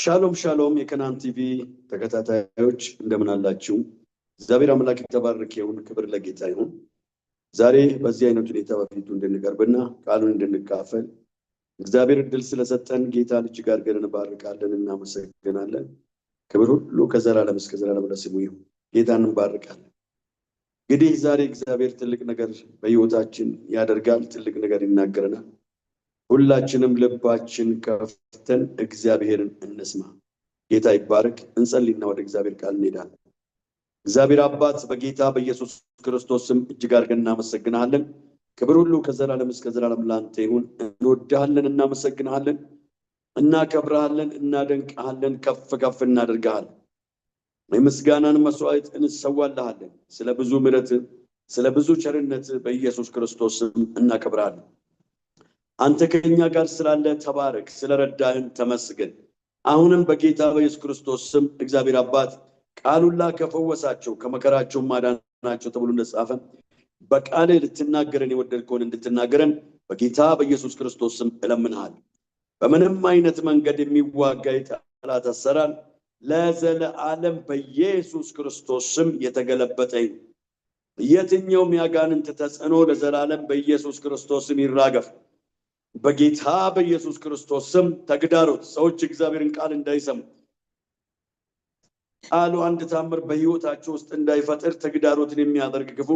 ሻሎም ሻሎም የከናን ቲቪ ተከታታዮች እንደምን አላችሁ? እግዚአብሔር አምላክ የተባረክ ይሁን። ክብር ለጌታ ይሁን። ዛሬ በዚህ አይነት ሁኔታ በፊቱ እንድንቀርብና ቃሉን እንድንካፈል እግዚአብሔር እድል ስለሰጠን ጌታ ልጅ ጋር ግን እናመሰግናለን። ክብር ሁሉ ከዘላለም እስከ ዘላለም ለስሙ ይሁን። ጌታ እንባርቃለን። እንግዲህ ዛሬ እግዚአብሔር ትልቅ ነገር በህይወታችን ያደርጋል። ትልቅ ነገር ይናገረናል። ሁላችንም ልባችን ከፍተን እግዚአብሔርን እንስማ። ጌታ ይባረክ። እንጸልይና ወደ እግዚአብሔር ቃል እንሄዳለን። እግዚአብሔር አባት በጌታ በኢየሱስ ክርስቶስ ስም እጅግ አድርገን እናመሰግናለን። ክብር ሁሉ ከዘላለም እስከ ዘላለም ላንተ ይሁን። እንወድሃለን፣ እናመሰግናለን፣ እናከብረሃለን፣ እናደንቀሃለን፣ ከፍ ከፍ እናደርግሃለን። የምስጋናን መስዋዕት እንሰዋልሃለን። ስለ ብዙ ምረት፣ ስለ ብዙ ቸርነት በኢየሱስ ክርስቶስ ስም እናከብረሃለን። አንተ ከኛ ጋር ስላለ ተባረክ፣ ስለረዳህን ተመስገን። አሁንም በጌታ በኢየሱስ ክርስቶስ ስም እግዚአብሔር አባት ቃሉላ ከፈወሳቸው ከመከራቸው ማዳናቸው ተብሎ እንደጻፈ በቃል ልትናገረን የወደድከውን እንድትናገረን በጌታ በኢየሱስ ክርስቶስ ስም እለምንሃል። በምንም አይነት መንገድ የሚዋጋ የጠላት አሰራር ለዘለዓለም በኢየሱስ ክርስቶስ ስም የተገለበጠ የትኛውም ያጋንንት ተጽዕኖ ለዘላለም በኢየሱስ ክርስቶስ ስም ይራገፍ። በጌታ በኢየሱስ ክርስቶስ ስም ተግዳሮት ሰዎች እግዚአብሔርን ቃል እንዳይሰሙ ቃሉ አንድ ታምር በህይወታቸው ውስጥ እንዳይፈጥር ተግዳሮትን የሚያደርግ ክፉ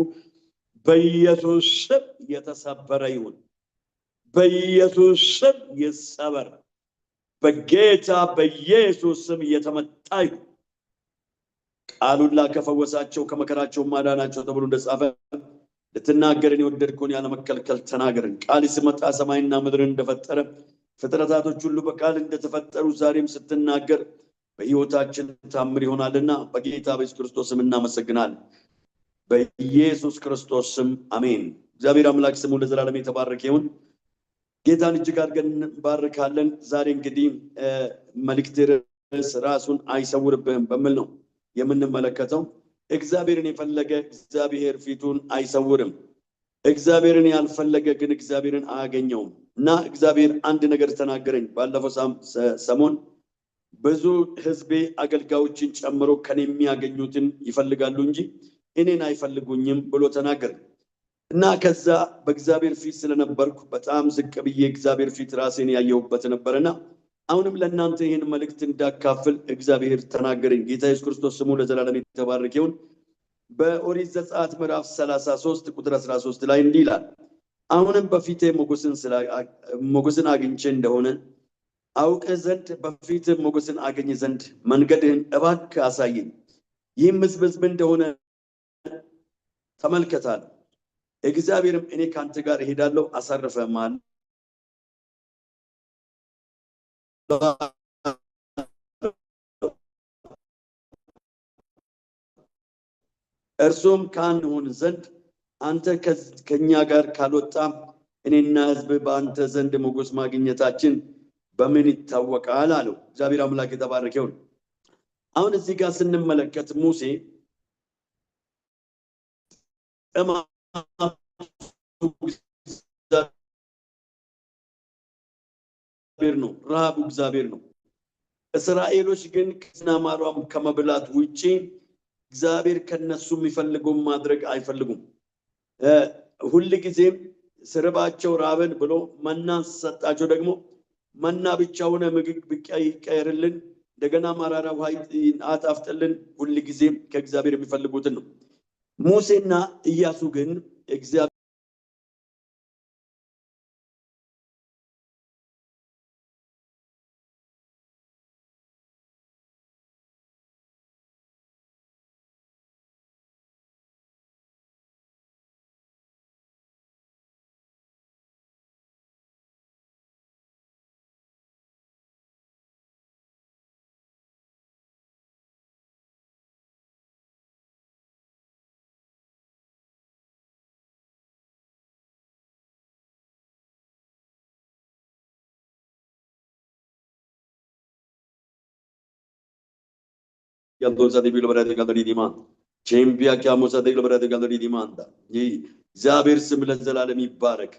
በኢየሱስ ስም የተሰበረ ይሁን። በኢየሱስ ስም ይሰበር። በጌታ በኢየሱስ ስም እየተመጣ ይሁን። ቃሉን ላከፈወሳቸው ከመከራቸው ማዳናቸው ተብሎ እንደጻፈ ልትናገርን የወደድከውን ያለመከልከል ተናገርን። ቃል ሲመጣ ሰማይና ምድርን እንደፈጠረ ፍጥረታቶች ሁሉ በቃል እንደተፈጠሩ ዛሬም ስትናገር በሕይወታችን ታምር ይሆናልና በጌታ በኢየሱስ ክርስቶስ ስም እናመሰግናለን። በኢየሱስ ክርስቶስ ስም አሜን። እግዚአብሔር አምላክ ስሙ ለዘላለም የተባረከ ይሁን። ጌታን እጅግ አድርገን እንባርካለን። ዛሬ እንግዲህ መልእክት ርዕስ ራሱን አይሰውርብህም በሚል ነው የምንመለከተው። እግዚአብሔርን የፈለገ እግዚአብሔር ፊቱን አይሰውርም። እግዚአብሔርን ያልፈለገ ግን እግዚአብሔርን አያገኘውም። እና እግዚአብሔር አንድ ነገር ተናገረኝ። ባለፈው ሰሞን ብዙ ህዝቤ አገልጋዮችን ጨምሮ ከኔ የሚያገኙትን ይፈልጋሉ እንጂ እኔን አይፈልጉኝም ብሎ ተናገር እና ከዛ በእግዚአብሔር ፊት ስለነበርኩ በጣም ዝቅ ብዬ እግዚአብሔር ፊት ራሴን ያየሁበት ነበረና አሁንም ለእናንተ ይህን መልእክት እንዳካፍል እግዚአብሔር ተናገረኝ። ጌታ ኢየሱስ ክርስቶስ ስሙ ለዘላለም የተባረከ ይሁን። በኦሪት ዘጸአት ምዕራፍ 33 ቁጥር 13 ላይ እንዲህ ይላል፣ አሁንም በፊት ሞገስን አግኝቼ እንደሆነ አውቀ ዘንድ በፊት ሞገስን አገኝ ዘንድ መንገድህን እባክ አሳየኝ። ይህም ሕዝብ ሕዝብ እንደሆነ ተመልከታል። እግዚአብሔርም እኔ ከአንተ ጋር እሄዳለሁ አሳርፈማል እርሱም ካን ሆን ዘንድ አንተ ከኛ ጋር ካልወጣ እኔና ህዝብ በአንተ ዘንድ ሞገስ ማግኘታችን በምን ይታወቃል? አለው። እግዚአብሔር አምላክ የተባረከ አሁን እዚህ ጋር ስንመለከት ሙሴ እግዚአብሔር ነው። ረሃቡ እግዚአብሔር ነው። እስራኤሎች ግን ከዝናማሯም ከመብላት ውጪ እግዚአብሔር ከነሱ የሚፈልገውን ማድረግ አይፈልጉም። ሁል ጊዜም ስርባቸው ራበን ብሎ መና ሰጣቸው። ደግሞ መና ብቻ ሆነ ምግብ ይቀየርልን፣ እንደገና መራራ ውሃ አጣፍጥልን። ሁል ጊዜም ከእግዚአብሔር የሚፈልጉትን ነው። ሙሴና ኢያሱ ግን እግዚአብሔር ያንዶሳዴቪል በራዴ ጋለሪ ዲማንድ ቼምፒያ ኪያሞሳዴቪል በራዴ ጋለሪ ዲማንዳ እግዚአብሔር ስም ለዘላለም ይባረክ።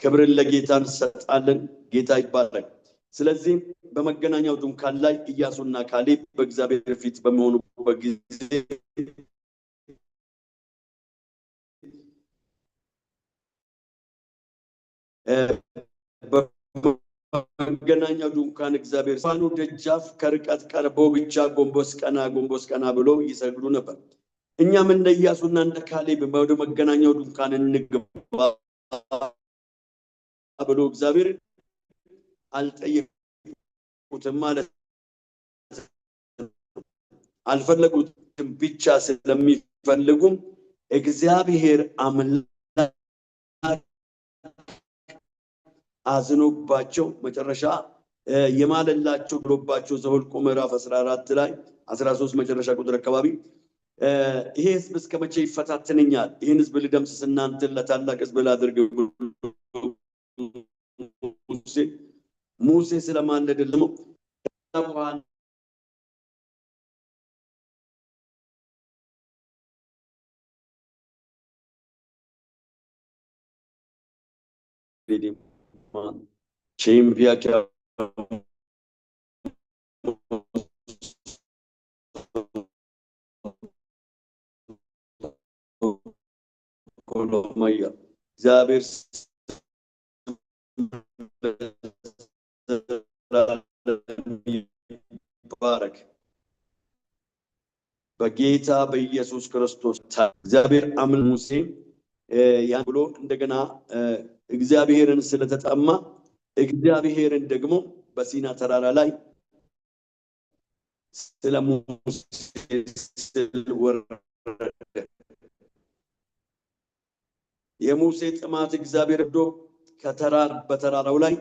ክብርን ለጌታ እንሰጣለን። ጌታ ይባረክ። ስለዚህ በመገናኛው ድንኳን ላይ እያሱና ካሌብ በእግዚአብሔር ፊት በሚሆኑበት ጊዜ በ መገናኛ ድንኳን እግዚአብሔር ዙፋኑ ደጃፍ ከርቀት ቀርበው ብቻ ጎንበስ ቀና ጎንበስ ቀና ብሎ ይሰግዱ ነበር። እኛም እንደ ኢያሱና እንደ ካሌብ ወደ መገናኛው ድንኳን እንግባ ብሎ እግዚአብሔር አልጠየቁትም ማለት አልፈለጉትም ብቻ ስለሚፈልጉም እግዚአብሔር አምላክ አዝኖባቸው መጨረሻ የማለላቸው ብሎባቸው ዘኍልቍ ምዕራፍ 14 ላይ 13 መጨረሻ ቁጥር አካባቢ ይሄ ህዝብ እስከ መቼ ይፈታተነኛል? ይህን ህዝብ ልደምስስ እናንተን ለታላቅ ሕዝብ ላድርግ ሙሴ ስለማለደ ደግሞ şeyin fiyat ኦሎማያ እግዚአብሔር ይባረክ። በጌታ በኢየሱስ ክርስቶስ እግዚአብሔር አምላክ ሙሴ ያን ብሎ እንደገና እግዚአብሔርን ስለተጠማ እግዚአብሔርን ደግሞ በሲና ተራራ ላይ ስለ ሙሴ ስል ወረደ። የሙሴ ጥማት እግዚአብሔር ዶ ከተራር በተራራው ላይ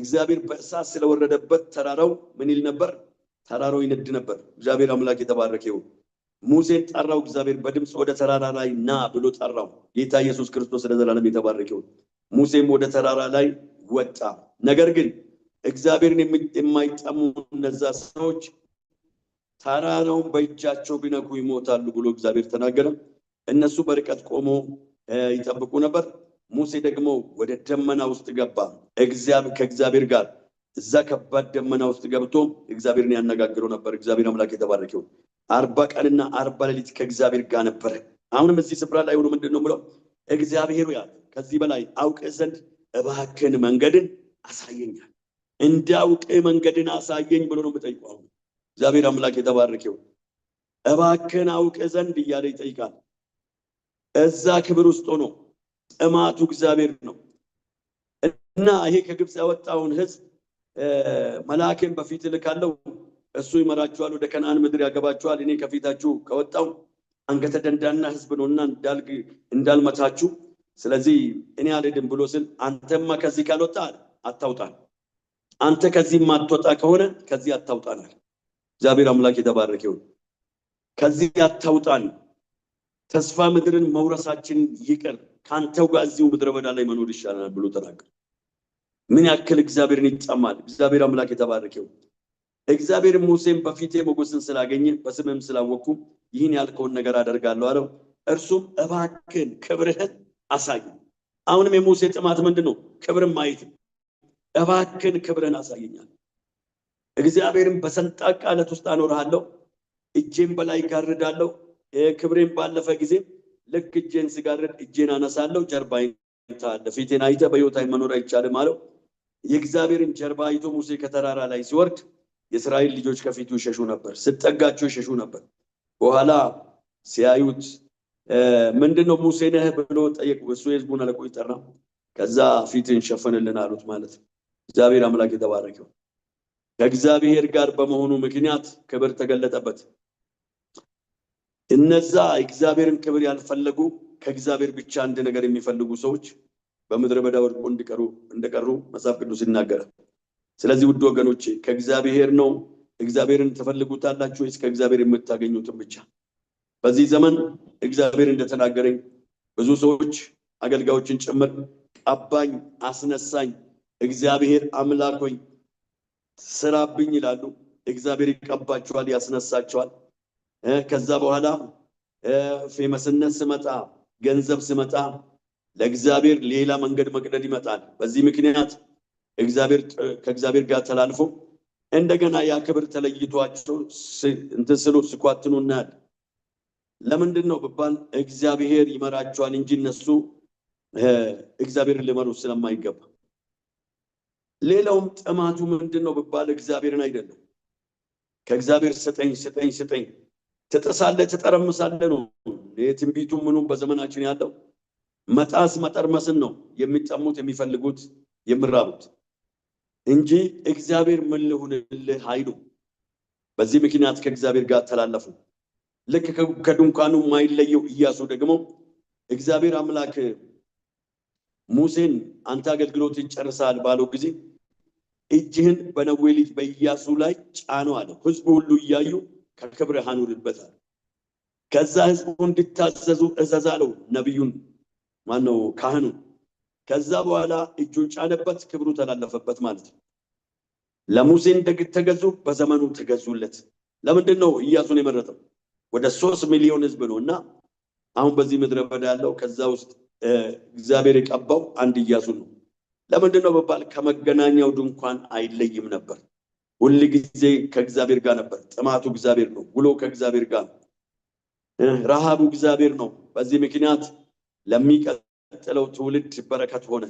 እግዚአብሔር በእሳት ስለወረደበት ተራራው ምን ይል ነበር? ተራራው ይነድ ነበር። እግዚአብሔር አምላክ የተባረከ ይሁን። ሙሴን ጠራው እግዚአብሔር በድምፅ ወደ ተራራ ላይ ና ብሎ ጠራው። ጌታ ኢየሱስ ክርስቶስ ለዘላለም የተባረከ ይሁን። ሙሴም ወደ ተራራ ላይ ወጣ። ነገር ግን እግዚአብሔርን የማይጠሙ እነዛ ሰዎች ተራራውን በእጃቸው ቢነኩ ይሞታሉ ብሎ እግዚአብሔር ተናገረ። እነሱ በርቀት ቆሞ ይጠብቁ ነበር። ሙሴ ደግሞ ወደ ደመና ውስጥ ገባ ከእግዚአብሔር ጋር እዛ ከባድ ደመና ውስጥ ገብቶ እግዚአብሔርን ያነጋግረው ነበር። እግዚአብሔር አምላክ የተባረከው አርባ ቀንና አርባ ሌሊት ከእግዚአብሔር ጋር ነበረ። አሁንም እዚህ ስፍራ ላይ ሆኖ ምንድን ነው ብለው እግዚአብሔሩ ያለ ከዚህ በላይ አውቅ ዘንድ እባክን መንገድን አሳየኛል እንዳውቅ መንገድን አሳየኝ ብሎ ነው የምጠይቀው። እግዚአብሔር አምላክ የተባረከው እባክን አውቅ ዘንድ እያለ ይጠይቃል። እዛ ክብር ውስጥ ሆኖ ጥማቱ እግዚአብሔር ነው እና ይሄ ከግብፅ ያወጣውን ህዝብ መልአክን በፊት እልካለሁ፣ እሱ ይመራችኋል፣ ወደ ከነአን ምድር ያገባችኋል። እኔ ከፊታችሁ ከወጣው አንገተ ደንዳና ነው እና እንዳልመታችሁ ስለዚህ እኔ አልሄድም ብሎ ስል አንተማ ከዚህ ካልወጣ አታውጣን፣ አንተ ከዚህ ማትወጣ ከሆነ ከዚህ አታውጣናል። እግዚአብሔር አምላክ የተባረከ ይሁን። ከዚህ አታውጣን። ተስፋ ምድርን መውረሳችን ይቅር፣ ከአንተው ጋር እዚሁ ምድረ በዳ ላይ መኖር ይሻላል ብሎ ተናገረ። ምን ያክል እግዚአብሔርን ይጠማል። እግዚአብሔር አምላክ የተባረከ ይሁን። እግዚአብሔር ሙሴን በፊቴ ሞገስን ስላገኘ በስምም ስላወቅኩ ይህን ያልከውን ነገር አደርጋለሁ አለው። እርሱም እባክን ክብርህን አሳዩ። አሁንም የሙሴ ጥማት ምንድን ነው? ክብርን ማየት። እባክን ክብርን አሳየኛል። እግዚአብሔርን በሰንጣቃ ቃለት ውስጥ አኖርሃለሁ፣ እጄን በላይ ጋርዳለሁ። ክብሬን ባለፈ ጊዜ ልክ እጄን ስጋርድ እጄን አነሳለሁ፣ ጀርባዬን ታለ ፊቴን አይተ በሕይወታይ መኖር አይቻልም አለው። የእግዚአብሔርን ጀርባ አይቶ ሙሴ ከተራራ ላይ ሲወርድ የእስራኤል ልጆች ከፊቱ ይሸሹ ነበር፣ ስጠጋቸው ይሸሹ ነበር። በኋላ ሲያዩት ምንድነው ነው ሙሴ ነህ ብሎ ጠየቁ። እሱ የህዝቡን አለቆ ይጠራ ከዛ ፊትን ሸፈንልን አሉት ማለት ነው። እግዚአብሔር አምላክ የተባረከው ከእግዚአብሔር ጋር በመሆኑ ምክንያት ክብር ተገለጠበት። እነዛ እግዚአብሔርን ክብር ያልፈለጉ ከእግዚአብሔር ብቻ አንድ ነገር የሚፈልጉ ሰዎች በምድረ በዳ ወድቆ እንዲቀሩ እንደቀሩ መጽሐፍ ቅዱስ ይናገራል። ስለዚህ ውድ ወገኖቼ ከእግዚአብሔር ነው። እግዚአብሔርን ተፈልጉታላችሁ ወይስ ከእግዚአብሔር የምታገኙትን ብቻ? በዚህ ዘመን እግዚአብሔር እንደተናገረኝ ብዙ ሰዎች አገልጋዮችን ጭምር ቀባኝ፣ አስነሳኝ፣ እግዚአብሔር አምላኮኝ ስራብኝ ይላሉ። እግዚአብሔር ይቀባቸዋል፣ ያስነሳቸዋል። ከዛ በኋላ ፌመስነት ስመጣ፣ ገንዘብ ስመጣ ለእግዚአብሔር ሌላ መንገድ መቅደድ ይመጣል። በዚህ ምክንያት ከእግዚአብሔር ጋር ተላልፎ እንደገና ያ ክብር ተለይቷቸው እንትን ስሉ ስኳትኑ እናያለን። ለምንድን ነው ብባል እግዚአብሔር ይመራቸዋል እንጂ እነሱ እግዚአብሔርን ሊመሩ ስለማይገባ። ሌላውም ጥማቱ ምንድን ነው ብባል እግዚአብሔርን አይደለም። ከእግዚአብሔር ስጠኝ ስጠኝ ስጠኝ ትጥሳለህ ትጠረምሳለህ ነው። የትንቢቱ ምኑም በዘመናችን ያለው መጣስ መጠርመስን ነው የሚጠሙት የሚፈልጉት የምራቡት እንጂ እግዚአብሔር ምን ልሁንልህ አይሉ። በዚህ ምክንያት ከእግዚአብሔር ጋር ተላለፉ። ልክ ከድንኳኑ የማይለየው እያሱ ደግሞ እግዚአብሔር አምላክ ሙሴን አንተ አገልግሎት ይጨርሳል ባለው ጊዜ እጅህን በነዌ ልጅ በኢያሱ ላይ ጫነው አለ። ህዝቡ ሁሉ እያዩ ከክብር አኑርበታል። ከዛ ህዝቡ እንድታዘዙ እዘዝ አለው ነቢዩን ማነው ካህኑን። ከዛ በኋላ እጁን ጫነበት፣ ክብሩ ተላለፈበት ማለት ነው። ለሙሴ ተገዙ በዘመኑ ተገዙለት። ለምንድን ነው ኢያሱን የመረጠው? ወደ ሶስት ሚሊዮን ህዝብ ነው እና አሁን በዚህ ምድረ በዳ ያለው ከዛ ውስጥ እግዚአብሔር የቀባው አንድ እያሱ ነው። ለምንድን ነው በባል ከመገናኛው ድንኳን አይለይም ነበር። ሁል ጊዜ ከእግዚአብሔር ጋር ነበር። ጥማቱ እግዚአብሔር ነው። ውሎ ከእግዚአብሔር ጋር ነው። ረሃቡ እግዚአብሔር ነው። በዚህ ምክንያት ለሚቀጥለው ትውልድ በረከት ሆነ።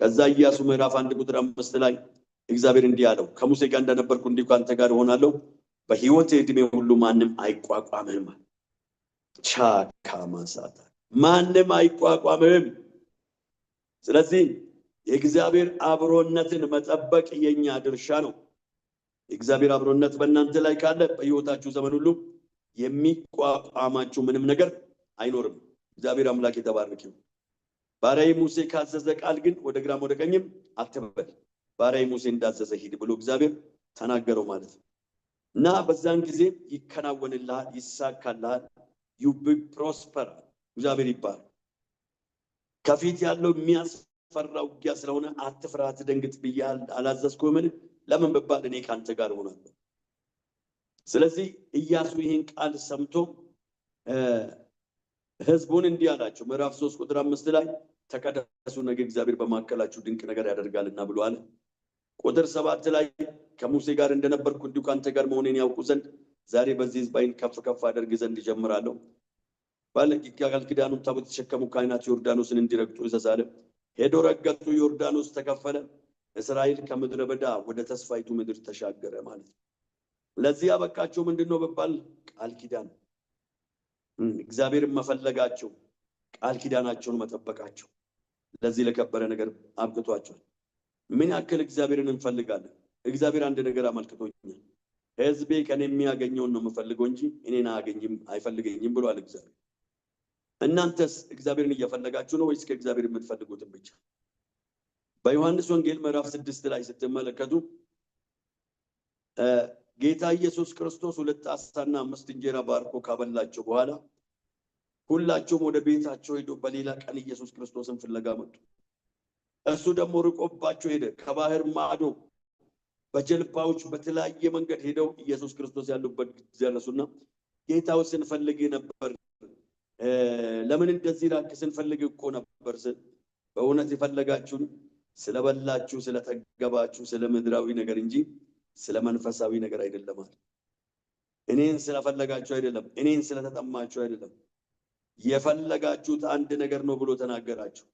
ከዛ እያሱ ምዕራፍ አንድ ቁጥር አምስት ላይ እግዚአብሔር እንዲህ አለው ከሙሴ ጋር እንደነበርኩ እንዲሁ ከአንተ ጋር እሆናለሁ በህይወት እድሜ ሁሉ ማንም አይቋቋምም ቻካ ማንሳታ ማንም አይቋቋምም ስለዚህ የእግዚአብሔር አብሮነትን መጠበቅ የኛ ድርሻ ነው። የእግዚአብሔር አብሮነት በእናንተ ላይ ካለ በህይወታችሁ ዘመን ሁሉ የሚቋቋማችሁ ምንም ነገር አይኖርም። እግዚአብሔር አምላክ የተባረክ ይሁን። ባሪያዬ ሙሴ ካዘዘ ቃል ግን ወደ ግራም ወደ ቀኝም አትበል፣ ባሪያዬ ሙሴ እንዳዘዘ ሂድ ብሎ እግዚአብሔር ተናገረው ማለት ነው። እና በዛን ጊዜ ይከናወንልሃል፣ ይሳካልሃል። ዩ ፕሮስፐር እግዚአብሔር ይባል። ከፊት ያለው የሚያስፈራ ውጊያ ስለሆነ አትፍራ፣ አትደንግጥ አላዘዝኩ ምን ለምን ብባል እኔ ከአንተ ጋር እሆናለሁ። ስለዚህ እያሱ ይህን ቃል ሰምቶ ህዝቡን እንዲህ አላቸው። ምዕራፍ ሶስት ቁጥር አምስት ላይ ተቀደሱ፣ ነገ እግዚአብሔር በመካከላችሁ ድንቅ ነገር ያደርጋልና ብሎ ቁጥር ሰባት ላይ ከሙሴ ጋር እንደነበርኩ እንዲሁ ከአንተ ጋር መሆኔን ያውቁ ዘንድ ዛሬ በዚህ ህዝብ አይን ከፍ ከፍ አደርግ ዘንድ ይጀምራለሁ። ባለ ቃል ኪዳኑን ታቦት የተሸከሙ ካህናት ዮርዳኖስን እንዲረግጡ እዘዛለ። ሄዶ ረገጡ፣ ዮርዳኖስ ተከፈለ። እስራኤል ከምድረ በዳ ወደ ተስፋይቱ ምድር ተሻገረ ማለት ነው። ለዚህ ያበቃቸው ምንድን ነው በባል ቃል ኪዳን እግዚአብሔርን መፈለጋቸው፣ ቃል ኪዳናቸውን መጠበቃቸው ለዚህ ለከበረ ነገር አብቅቷቸዋል። ምን ያክል እግዚአብሔርን እንፈልጋለን? እግዚአብሔር አንድ ነገር አመልክቶኛል። ህዝቤ ከኔ የሚያገኘውን ነው የምፈልገው እንጂ እኔን አያገኝም አይፈልገኝም ብሏል እግዚአብሔር። እናንተስ እግዚአብሔርን እየፈለጋችሁ ነው ወይስ ከእግዚአብሔር የምትፈልጉትን ብቻ? በዮሐንስ ወንጌል ምዕራፍ ስድስት ላይ ስትመለከቱ ጌታ ኢየሱስ ክርስቶስ ሁለት ዓሣና አምስት እንጀራ ባርኮ ካበላቸው በኋላ ሁላቸውም ወደ ቤታቸው ሄዶ በሌላ ቀን ኢየሱስ ክርስቶስን ፍለጋ መጡ። እሱ ደግሞ ርቆባቸው ሄደ። ከባህር ማዶ በጀልባዎች በተለያየ መንገድ ሄደው ኢየሱስ ክርስቶስ ያሉበት ደረሱና ጌታው ስንፈልግ ነበር፣ ለምን እንደዚህ ላክ? ስንፈልግ እኮ ነበር። በእውነት የፈለጋችሁን ስለበላችሁ፣ ስለተገባችሁ ስለ ምድራዊ ነገር እንጂ ስለ መንፈሳዊ ነገር አይደለም። እኔን ስለፈለጋችሁ አይደለም፣ እኔን ስለተጠማችሁ አይደለም። የፈለጋችሁት አንድ ነገር ነው ብሎ ተናገራችሁ።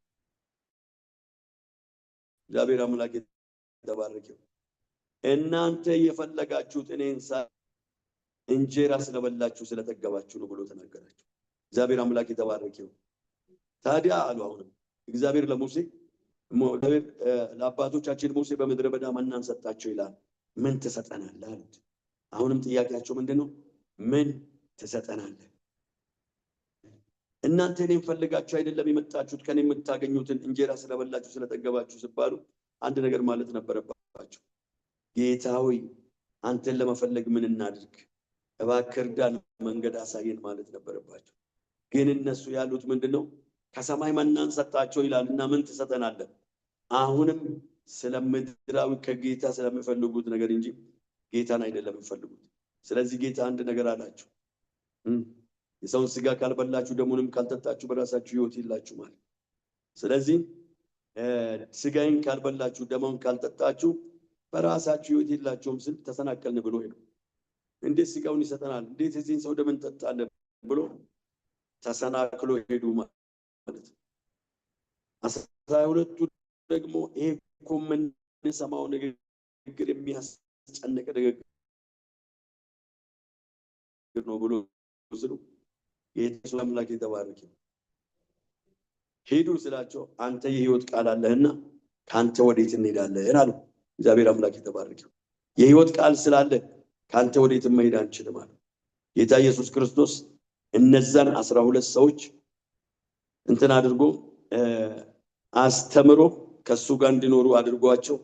እግዚአብሔር አምላክ የተባረከው እናንተ የፈለጋችሁት እኔን እንጀራ ስለበላችሁ ስለጠገባችሁ ነው ብሎ ተናገራቸው። እግዚአብሔር አምላክ የተባረከ ይሁን። ታዲያ አሉ አሁንም እግዚአብሔር ለሙሴ ለአባቶቻችን ሙሴ በምድረ በዳ መናን ሰጣቸው ይላል። ምን ትሰጠናለህ አሉት። አሁንም ጥያቄያቸው ምንድን ነው? ምን ትሰጠናለህ? እናንተ እኔን ፈልጋችሁ አይደለም የመጣችሁት ከኔ የምታገኙትን እንጀራ ስለበላችሁ ስለጠገባችሁ ስባሉ አንድ ነገር ማለት ነበረባቸው። ጌታ ሆይ አንተን ለመፈለግ ምን እናድርግ? እባክህ እርዳን፣ መንገድ አሳየን ማለት ነበረባቸው። ግን እነሱ ያሉት ምንድን ነው? ከሰማይ መናን ሰጣቸው ይላል እና ምን ትሰጠናለን? አሁንም ስለምድራዊ ከጌታ ስለሚፈልጉት ነገር እንጂ ጌታን አይደለም የሚፈልጉት። ስለዚህ ጌታ አንድ ነገር አላቸው፣ የሰውን ስጋ ካልበላችሁ ደሙንም ካልጠጣችሁ በራሳችሁ ህይወት የላችሁ ማለት። ስለዚህ ስጋይን ካልበላችሁ ደሙን ካልጠጣችሁ በራሳቸው ህይወት የላቸውም ስል ተሰናከልን ብሎ ሄዱ። እንዴት ስጋውን ይሰጠናል? እንዴት የዚህን ሰው ደም እንጠጣለን? ብሎ ተሰናክሎ ሄዱ ማለት ነው። አስራ ሁለቱ ደግሞ ይሄ እኮ የምንሰማው ንግግር የሚያስጨንቅ ንግግር ነው ብሎ ስሉ የኢየሱስ አምላክ የተባረከ ሄዱ ስላቸው አንተ የህይወት ቃል አለህና ከአንተ ወዴት እንሄዳለን አሉ። እግዚአብሔር አምላክ የተባረከ የህይወት ቃል ስላለ ከአንተ ወዴትም መሄድ አንችልም አለ። ጌታ ኢየሱስ ክርስቶስ እነዛን አስራ ሁለት ሰዎች እንትን አድርጎ አስተምሮ ከሱ ጋር እንዲኖሩ አድርጓቸው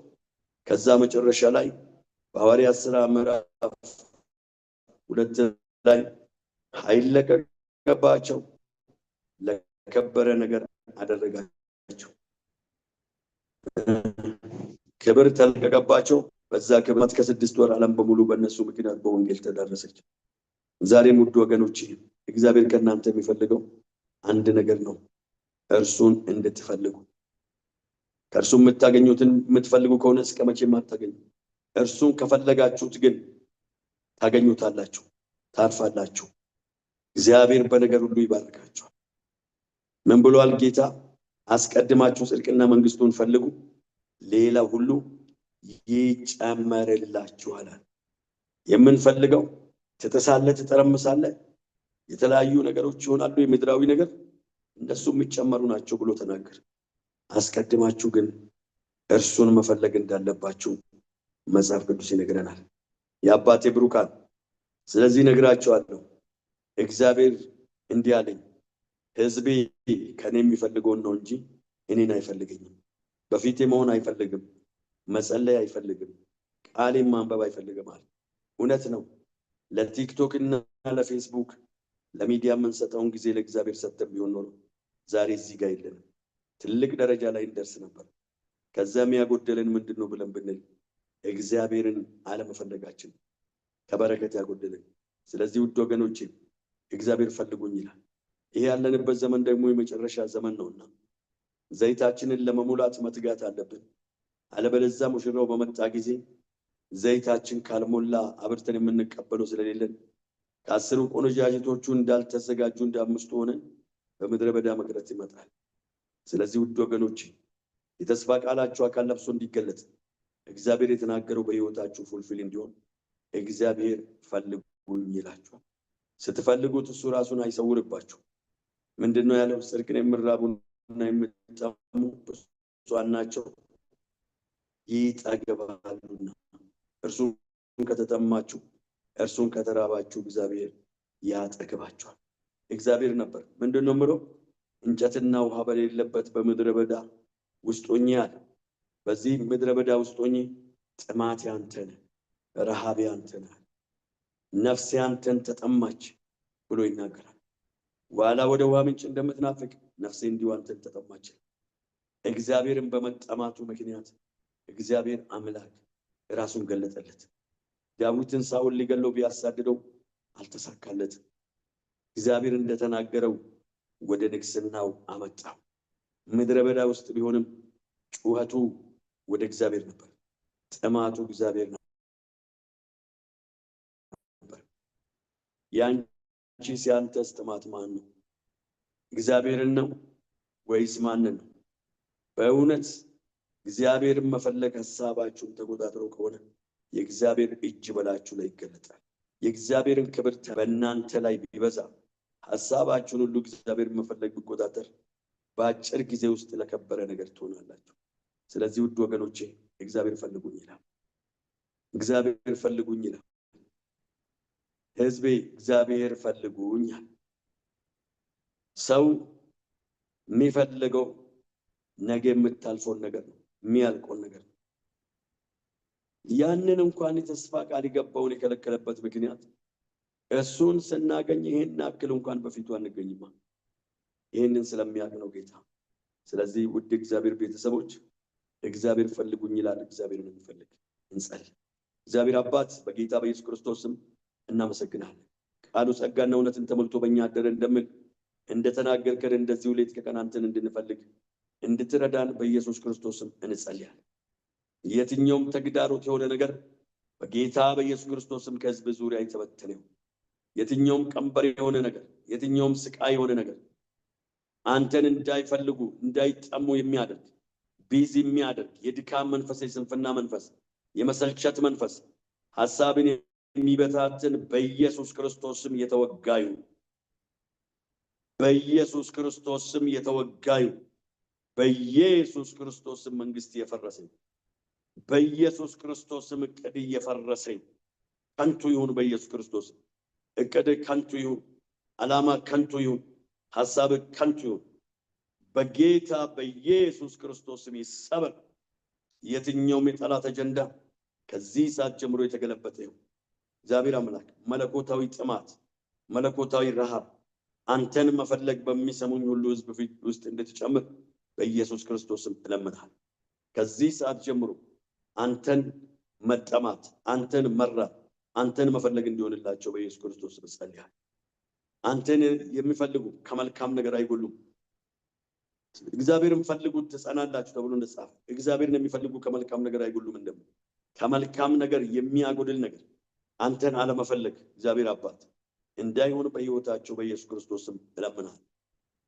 ከዛ መጨረሻ ላይ በሐዋርያት ስራ ምዕራፍ ሁለት ላይ ኃይል ለቀቀባቸው፣ ለከበረ ነገር አደረጋቸው። ክብር ተለቀቀባቸው። በዛ ክብመት ከስድስት ወር ዓለም በሙሉ በእነሱ ምክንያት በወንጌል ተዳረሰች። ዛሬም ውድ ወገኖች እግዚአብሔር ከእናንተ የሚፈልገው አንድ ነገር ነው፣ እርሱን እንድትፈልጉ። ከእርሱ የምታገኙትን የምትፈልጉ ከሆነ እስከ መቼም አታገኙ። እርሱን ከፈለጋችሁት ግን ታገኙታላችሁ፣ ታርፋላችሁ። እግዚአብሔር በነገር ሁሉ ይባርካችኋል። ምን ብሏል ጌታ? አስቀድማችሁ ጽድቅና መንግስቱን ፈልጉ ሌላ ሁሉ ይጨመርላችኋል። የምንፈልገው ትጥሳለህ፣ ትጠረምሳለ የተለያዩ ነገሮች ይሆናሉ። የምድራዊ ነገር እነሱ የሚጨመሩ ናቸው ብሎ ተናገር። አስቀድማችሁ ግን እርሱን መፈለግ እንዳለባችሁ መጽሐፍ ቅዱስ ይነግረናል። የአባቴ ብሩካን ስለዚህ ነግራቸዋለሁ። እግዚአብሔር እንዲህ አለኝ፣ ሕዝቤ ከኔ የሚፈልገውን ነው እንጂ እኔን አይፈልገኝም። በፊቴ መሆን አይፈልግም። መጸለይ አይፈልግም። ቃሌን ማንበብ አይፈልግም አለ። እውነት ነው። ለቲክቶክ እና ለፌስቡክ ለሚዲያ የምንሰጠውን ጊዜ ለእግዚአብሔር ሰጥተን ቢሆን ኖሮ ዛሬ እዚህ ጋር የለንም። ትልቅ ደረጃ ላይ እንደርስ ነበር። ከዛም ያጎደለን ምንድን ነው ብለን ብንል እግዚአብሔርን አለመፈለጋችን ከበረከት ያጎደለን። ስለዚህ ውድ ወገኖቼ እግዚአብሔር ፈልጉኝ ይላል። ይሄ ያለንበት ዘመን ደግሞ የመጨረሻ ዘመን ነውና ዘይታችንን ለመሙላት መትጋት አለብን። አለበለዛ ሙሽራው በመጣ ጊዜ ዘይታችን ካልሞላ አብርተን የምንቀበለው ስለሌለን ከአስሩ ቆነጃጅቶቹ እንዳልተዘጋጁ እንዳምስቱ ሆነን በምድረ በዳ መቅረት ይመጣል። ስለዚህ ውድ ወገኖች የተስፋ ቃላችሁ አካል ለብሶ እንዲገለጥ እግዚአብሔር የተናገረው በሕይወታችሁ ፉልፊል እንዲሆን እግዚአብሔር ፈልጉኝ ይላችኋል። ስትፈልጉት እሱ ራሱን አይሰውርባችሁ። ምንድን ነው ያለው? ጽድቅን የምራቡን እና የሚጠሙ ብፁዓን ናቸው ይጠግባሉና። እርሱን ከተጠማችሁ እርሱን ከተራባችሁ እግዚአብሔር ያጠግባችኋል። እግዚአብሔር ነበር ምንድን ነው ምለው እንጨትና ውሃ በሌለበት በምድረ በዳ ውስጦኝ አለ። በዚህ ምድረ በዳ ውስጦኝ ጥማት ያንተ ረሃብ ያንተ ነፍስ ያንተን ተጠማች ብሎ ይናገራል። ዋላ ወደ ውሃ ምንጭ እንደምትናፍቅ ነፍሴ እንዲሁ አንተን ተጠማችን። እግዚአብሔርን በመጠማቱ ምክንያት እግዚአብሔር አምላክ ራሱን ገለጠለት። ዳዊትን ሳውል ሊገለው ቢያሳድደው አልተሳካለትም። እግዚአብሔር እንደተናገረው ወደ ንግስናው አመጣው። ምድረ በዳ ውስጥ ቢሆንም ጩኸቱ ወደ እግዚአብሔር ነበር። ጥማቱ እግዚአብሔር ነበር። ያንቺስ ያንተስ ጥማት ማን ነው? እግዚአብሔርን ነው ወይስ ማንን ነው? በእውነት እግዚአብሔርን መፈለግ ሀሳባችሁን ተቆጣጥሮ ከሆነ የእግዚአብሔር እጅ በላችሁ ላይ ይገለጣል። የእግዚአብሔርን ክብር በእናንተ ላይ ቢበዛ ሀሳባችሁን ሁሉ እግዚአብሔር መፈለግ ቢቆጣጠር በአጭር ጊዜ ውስጥ ለከበረ ነገር ትሆናላችሁ። ስለዚህ ውድ ወገኖቼ እግዚአብሔር ፈልጉኝ ይላል። እግዚአብሔር ፈልጉኝ ይላል። ህዝቤ እግዚአብሔር ይላል። ሰው የሚፈልገው ነገ የምታልፈውን ነገር ነው፣ የሚያልቀውን ነገር ነው። ያንን እንኳን የተስፋ ቃል የገባውን የከለከለበት ምክንያት እሱን ስናገኝ ይህን አክል እንኳን በፊቱ አንገኝማ። ይህንን ስለሚያውቅ ነው ጌታ። ስለዚህ ውድ እግዚአብሔር ቤተሰቦች እግዚአብሔር ፈልጉኝ ይላል። እግዚአብሔር ነው የሚፈልግ። እግዚአብሔር አባት በጌታ በኢየሱስ ክርስቶስም እናመሰግናለን። ቃሉ ጸጋና እውነትን ተሞልቶ በእኛ አደረ እንደምል እንደተናገርከን እንደዚህ ሌት ከቀን አንተን እንድንፈልግ እንድትረዳን በኢየሱስ ክርስቶስም እንጸልያለን። የትኛውም ተግዳሮት የሆነ ነገር በጌታ በኢየሱስ ክርስቶስም ከህዝብ ዙሪያ የተበተነ የትኛውም ቀንበር የሆነ ነገር፣ የትኛውም ስቃይ የሆነ ነገር አንተን እንዳይፈልጉ እንዳይጠሙ የሚያደርግ ቢዝ የሚያደርግ የድካም መንፈስ፣ የስንፍና መንፈስ፣ የመሰልቸት መንፈስ ሀሳብን የሚበታትን በኢየሱስ ክርስቶስም የተወጋዩ? በኢየሱስ ክርስቶስ ስም የተወጋዩ በኢየሱስ ክርስቶስ ስም መንግስት የፈረሰ በኢየሱስ ክርስቶስ ስም እቅድ እየፈረሰ ከንቱ ይሁን። በኢየሱስ ክርስቶስ እቅድ ከንቱ ይሁን። አላማ ከንቱ ይሁን። ሀሳብ ከንቱ ይሁን። በጌታ በኢየሱስ ክርስቶስ ስም ይሰበር። የትኛውም የጠላት አጀንዳ ከዚህ ሰዓት ጀምሮ የተገለበጠ ይሁን። እግዚአብሔር አምላክ መለኮታዊ ጥማት፣ መለኮታዊ ረሃብ አንተን መፈለግ በሚሰሙኝ ሁሉ ህዝብ ፊት ውስጥ እንድትጨምር በኢየሱስ ክርስቶስም እለምናል። ከዚህ ሰዓት ጀምሮ አንተን መጠማት፣ አንተን መራት አንተን መፈለግ እንዲሆንላቸው በኢየሱስ ክርስቶስ እጸልያለሁ። አንተን የሚፈልጉ ከመልካም ነገር አይጎሉም። እግዚአብሔርን ፈልጉ ትጸናላችሁ ተብሎ እንደጻፈ እግዚአብሔርን የሚፈልጉ ከመልካም ነገር አይጎሉም። እንደምን ከመልካም ነገር የሚያጎድል ነገር አንተን አለመፈለግ እግዚአብሔር አባት እንዳይሆን በህይወታቸው በኢየሱስ ክርስቶስም እለምናል።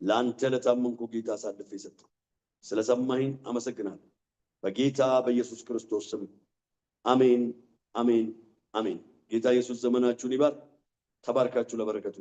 ለአንተ ለታመንኩ ጌታ አሳልፈ ይሰጣል። ስለሰማኸኝ አመሰግናለሁ። በጌታ በኢየሱስ ክርስቶስ ስም አሜን፣ አሜን፣ አሜን። ጌታ ኢየሱስ ዘመናችሁን ይባርክ። ተባርካችሁ ለበረከቱ